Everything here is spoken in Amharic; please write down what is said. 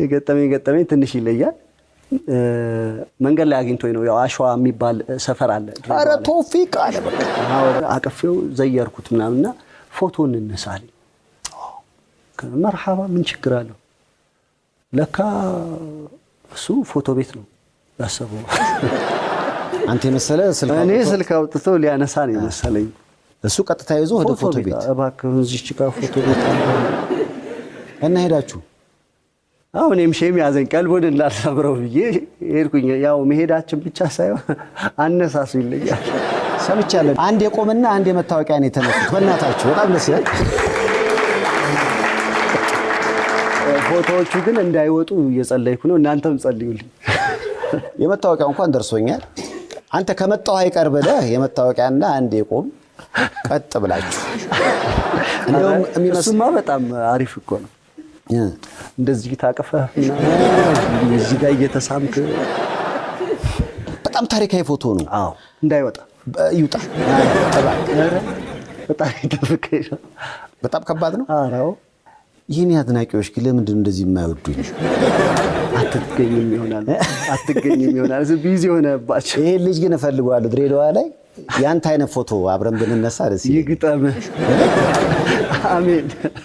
የገጠመኝ ገጠመኝ ትንሽ ይለያል። መንገድ ላይ አግኝቶኝ ነው። ያው አሸዋ የሚባል ሰፈር አለ። ኧረ ቶፊቅ አለ። አቅፌው ዘየርኩት ምናምንና ፎቶ እንነሳል። መርሓባ ምን ችግር አለው? ለካ እሱ ፎቶ ቤት ነው ያሰበው። አንተ የመሰለ እኔ ስልክ አውጥቶ ሊያነሳ ነው የመሰለኝ። እሱ ቀጥታ ይዞ ወደ ፎቶ ቤት እባክህ፣ እዚች ጋር ፎቶ ቤት እና ሄዳችሁ አሁን እኔም ሼም ያዘኝ ቀልቦን እንዳልሰብረው ብዬ ሄድኩኝ። ያው መሄዳችን ብቻ ሳይሆን አነሳሱ ይለኛል። ሰምቻለን። አንድ የቆምና አንድ የመታወቂያ ነው የተነሱት። በእናታችሁ በጣም ደስ ይላል። ፎቶዎቹ ግን እንዳይወጡ እየጸለይኩ ነው። እናንተም ጸልዩልኝ። የመታወቂያ እንኳን ደርሶኛል። አንተ ከመጣው አይቀር ብለህ የመታወቂያና አንድ የቆም ቀጥ ብላችሁ እሱማ በጣም አሪፍ እኮ ነው። እንደዚህ ታቅፈህ እዚህ ጋር እየተሳምክ በጣም ታሪካዊ ፎቶ ነው። አዎ እንዳይወጣ ይውጣ። በጣም ከባድ ነው። አዎ ይህን አድናቂዎች ግን ለምንድን እንደዚህ የማይወዱኝ? አትገኝም ይሆናል አትገኝም ይሆናል ቢዚ የሆነባቸው። ይህ ልጅ ግን እፈልገዋለሁ። ድሬዳዋ ላይ ያንተ አይነት ፎቶ አብረን ብንነሳ ደስ ይግጠም። አሜን